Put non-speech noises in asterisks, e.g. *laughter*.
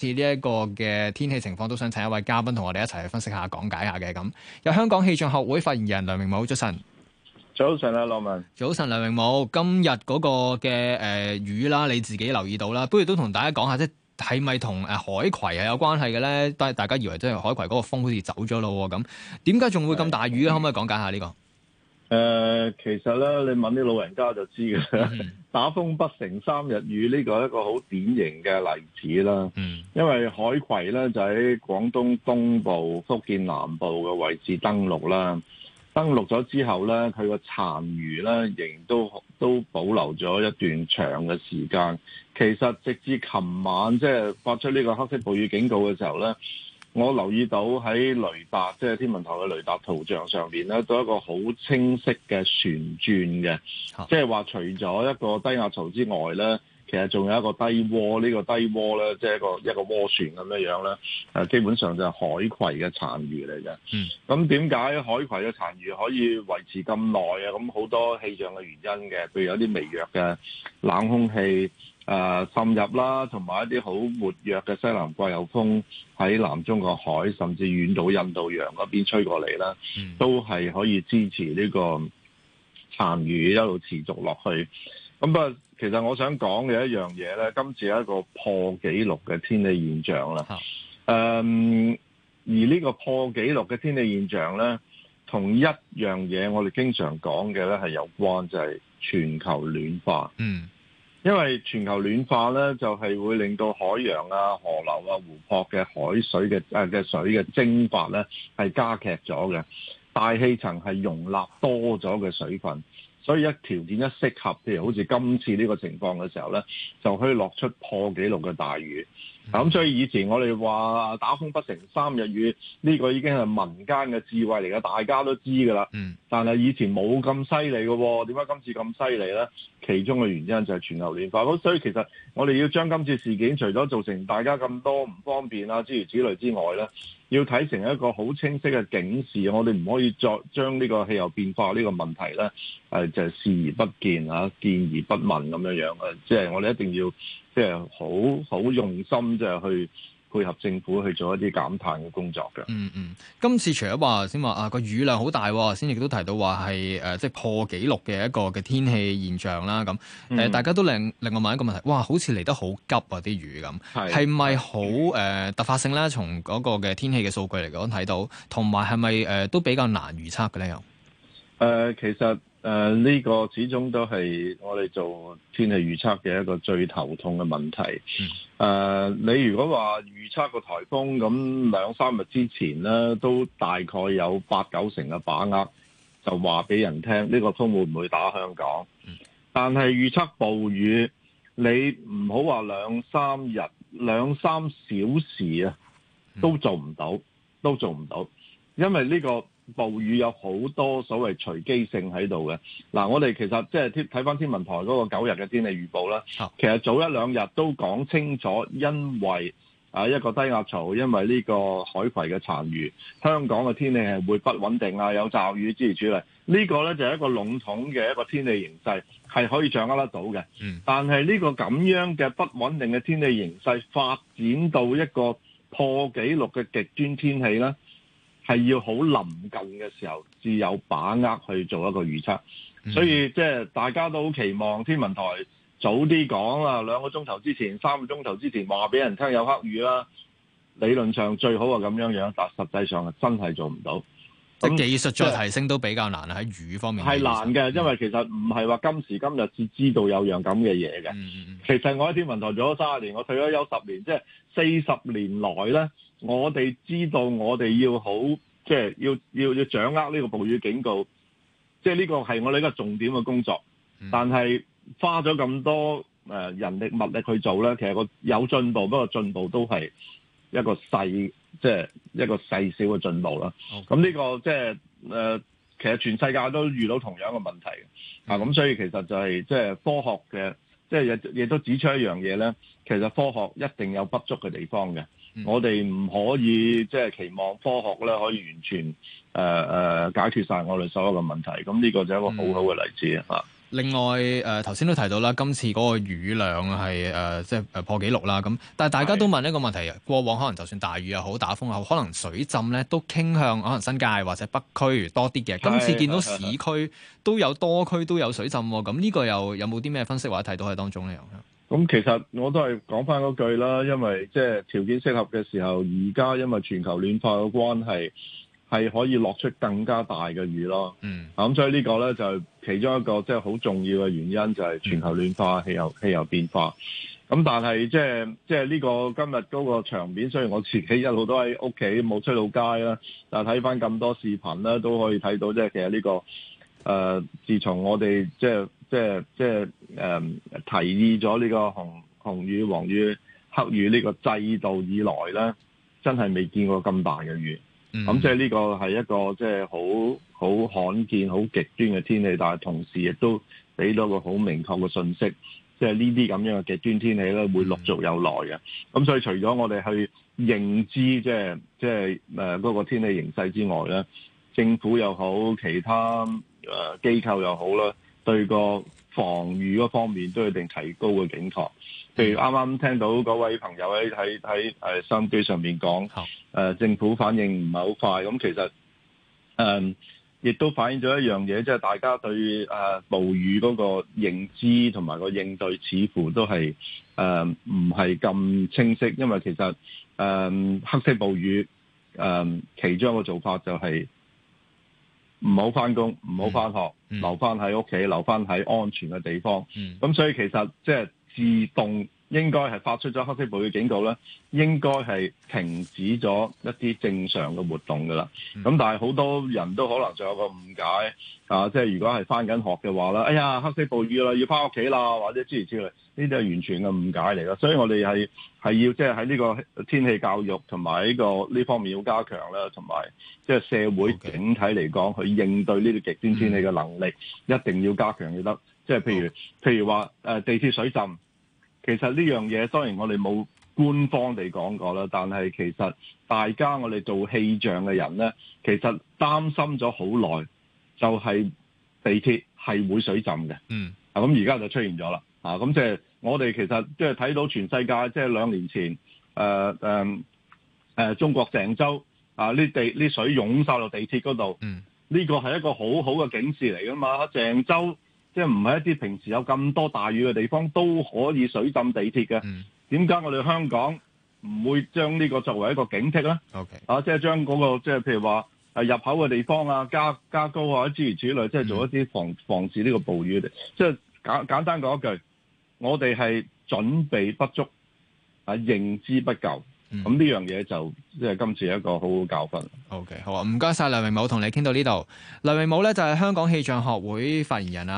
似呢一個嘅天氣情況，都想請一位嘉賓同我哋一齊去分析一下、講解一下嘅咁。有香港氣象學會發言人梁榮武早晨。早晨啊，羅文。早晨，梁榮武。今日嗰個嘅誒雨啦，你自己留意到啦，不如都同大家講下即係咪同誒海葵係有關係嘅咧？但係大家以為即係海葵嗰個風好似走咗咯咁，點解仲會咁大雨咧？的可唔可以講解下呢個？誒、呃，其實咧，你問啲老人家就知嘅，打風不成三日雨呢個係一個好典型嘅例子啦。因為海葵咧就喺廣東東部、福建南部嘅位置登陸啦，登陸咗之後咧，佢個殘餘咧仍都都保留咗一段長嘅時間。其實直至琴晚即係發出呢個黑色暴雨警告嘅時候咧。我留意到喺雷達，即係天文台嘅雷達圖像上面咧，都有一個好清晰嘅旋轉嘅，即係話除咗一個低壓槽之外咧。其實仲有一個低渦，呢、這個低渦咧，即、就、係、是、一個一個渦旋咁樣樣咧。誒，基本上就係海葵嘅殘餘嚟嘅。咁點解海葵嘅殘餘可以維持咁耐啊？咁好多氣象嘅原因嘅，譬如有啲微弱嘅冷空氣誒滲、呃、入啦，同埋一啲好活躍嘅西南季候風喺南中國海甚至遠到印度洋嗰邊吹過嚟啦，嗯、都係可以支持呢個殘餘一路持續落去。咁不過其實我想講嘅一樣嘢呢，今次係一個破紀錄嘅天氣現象啦、嗯。而呢個破紀錄嘅天氣現象呢，同一樣嘢我哋經常講嘅呢，係有關，就係、係、全球暖化。嗯，因為全球暖化呢，就係、係、會令到海洋啊、河流啊、湖泊嘅海水嘅嘅、啊、水嘅蒸發呢，係加劇咗嘅。大氣層係容納多咗嘅水分。所以一條件一適合，譬如好似今次呢個情況嘅時候咧，就可以落出破紀錄嘅大雨。咁、嗯、所以以前我哋話打風不成三日雨呢、這個已經係民間嘅智慧嚟㗎，大家都知噶啦。嗯。但係以前冇咁犀利喎，點解今次咁犀利咧？其中嘅原因就係全球暖化。咁所以其實我哋要將今次事件，除咗造成大家咁多唔方便啦諸如此類之外咧，要睇成一個好清晰嘅警示。我哋唔可以再將呢個氣候變化呢個問題咧，誒就是、視而不見啊見而不聞咁樣樣誒，即、就、係、是、我哋一定要。即係好好用心，即係去配合政府去做一啲減碳嘅工作嘅。嗯嗯，今次除咗話先話啊，個雨量好大，先亦都提到話係誒，即係破紀錄嘅一個嘅天氣現象啦。咁誒、呃，大家都另外我問一個問題，哇，好似嚟得好急啊，啲雨咁，係咪好誒突發性咧？從嗰個嘅天氣嘅數據嚟講睇到，同埋係咪誒都比較難預測嘅咧？誒、呃，其實誒呢，呃這個始終都係我哋做天氣預測嘅一個最頭痛嘅問題。誒、呃，你如果話預測個颱風，咁兩三日之前咧，都大概有八九成嘅把握，就話俾人聽呢，這個風會唔會打香港。但係預測暴雨，你唔好話兩三日，兩三小時啊，都做唔到，都做唔到。因為呢個暴雨有好多所謂隨機性喺度嘅，嗱我哋其實即係睇翻天文台嗰個九日嘅天氣預報啦，其實早一兩日都講清楚，因為啊一個低壓槽，因為呢個海葵嘅殘餘，香港嘅天氣係會不穩定啊，有驟雨之餘處理。呢、呢個呢就係一個籠統嘅一個天氣形勢係可以掌握得到嘅。但係呢個咁樣嘅不穩定嘅天氣形勢發展到一個破紀錄嘅極端天氣咧？係要好臨近嘅時候，至有把握去做一個預測。嗯、所以即係、就是、大家都好期望天文台早啲講啊，兩個鐘頭之前、三個鐘頭之前話俾人聽有黑雨啦。理論上最好係咁樣樣，但實際上真係做唔到。啲技術再提升都比較難喺雨是方面。係難嘅，因為其實唔係話今時今日至知道有樣咁嘅嘢嘅。嗯、其實我喺天文台做咗三十年，我退咗休十年，即係四十年來呢。我哋知道，我哋要好，即係要要要掌握呢個暴雨警告，即係呢個係我哋一個重點嘅工作。但係花咗咁多誒人力物力去做咧，其實個有進步，不過進步都係一個細，即係一個細小嘅進步啦。咁呢 Okay. 個即係誒，其實全世界都遇到同樣嘅問題 Okay. 啊。咁所以其實就係、是、即係科學嘅，即係亦亦都指出一樣嘢咧，其實科學一定有不足嘅地方嘅。嗯、我哋唔可以即係、就是、期望科學咧可以完全誒誒、呃呃、解決晒我哋所有嘅問題，咁呢個就係一個好好嘅例子啊、嗯。另外誒，頭先都提到啦，今次嗰個雨量係誒、呃、即係破記錄啦。咁但大家都問一個問題，是過往可能就算大雨又好、打風又好，可能水浸呢都傾向可能新界或者北區多啲嘅。是今次見到市區都有 *laughs* 多區都有水浸喎，咁呢個又有冇啲咩分析或者睇到喺當中呢？咁其實我都係講翻嗰句啦，因為即係、即係、條件適合嘅時候，而家因為全球暖化嘅關係，係可以落出更加大嘅雨咯。嗯。咁所以個呢個咧就係、其中一個即係好重要嘅原因，就係全球暖化、嗯、氣候氣候變化。咁但係即係即係呢個今日嗰個場面，雖然我自己一路都喺屋企冇出到街啦，但係睇翻咁多視頻咧，都可以睇到即係、即係、其實呢個。誒、呃，自從我哋即係即係即係誒提議咗呢個紅紅雨、黃雨、黑雨呢個制度以來咧，真係未見過咁大嘅雨。咁、mm hmm. 嗯、即係呢個係一個即係好好罕見、好極端嘅天氣，但係同時亦都俾到個好明確嘅信息，即係呢啲咁樣嘅極端天氣咧會陸續有來嘅。咁、mm hmm. 嗯、所以除咗我哋去認知即係即係誒嗰個天氣形勢之外咧，政府又好其他。誒，機構又好啦，對個防禦方面都有一定提高嘅警覺。譬如啱啱聽到嗰位朋友喺喺喺誒收音機上面講，誒好、呃，政府反應唔係好快。咁、嗯、其實誒，亦、嗯、都反映咗一樣嘢，即、就、係、是、大家對誒、呃、暴雨嗰個認知同埋個應對，似乎都係誒唔係咁清晰。因為其實誒、呃、黑色暴雨誒、呃、其中一個做法就係、是。唔好返工，唔好返學，留返喺屋企，留返喺安全嘅地方。咁所以其實即係自動。應該係發出咗黑色暴雨警告咧，應該係停止咗一啲正常嘅活動噶啦。咁但係好多人都可能仲有個誤解啊，即係如果係翻緊學嘅話啦，哎呀，黑色暴雨啦，要翻屋企啦，或者之類之類，呢啲係完全嘅誤解嚟咯。所以我哋係係要即係喺呢個天氣教育同埋呢個呢方面要加強啦，同埋即係社會整體嚟講 Okay. 去應對呢啲極端天氣嘅能力，mm. 一定要加強要得。即、就、係、是、譬如 Okay. 譬如話誒、呃、地鐵水浸。其實呢樣嘢，雖然我哋冇官方地講過啦，但係其實大家我哋做氣象嘅人咧，其實擔心咗好耐，就係地鐵係會水浸嘅。嗯，啊咁而家就出現咗啦。啊咁即係我哋其實即係睇到全世界，即係兩年前誒誒誒，中國鄭州啊，呢地呢水湧晒落地鐵嗰度。嗯，呢個係一個好好嘅警示嚟噶嘛。鄭州。即係唔係一啲平時有咁多大雨嘅地方都可以水浸地鐵嘅？點解、嗯、我哋香港唔會將呢個作為一個警惕咧？OK 啊，即係將、嗰個即係譬如話誒入口嘅地方啊，加加高啊諸如此類，即係做一啲防、嗯、防止呢個暴雨嘅。即係簡簡單講一句，我哋係準備不足啊，認知不夠。咁呢、嗯、樣嘢就即係今次係一個好好教訓。OK，好啊，唔該晒梁榮武，同你傾到呢度。梁榮武咧就係、是、香港氣象學會發言人啊。